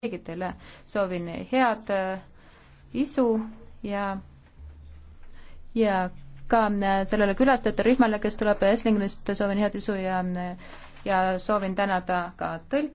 kolleegidele soovin head äh, isu ja, ja ka äh, sellele külastajate rühmale, kes tuleb Esslingist, soovin head isu ja, äh, ja soovin tänada ka tõlke.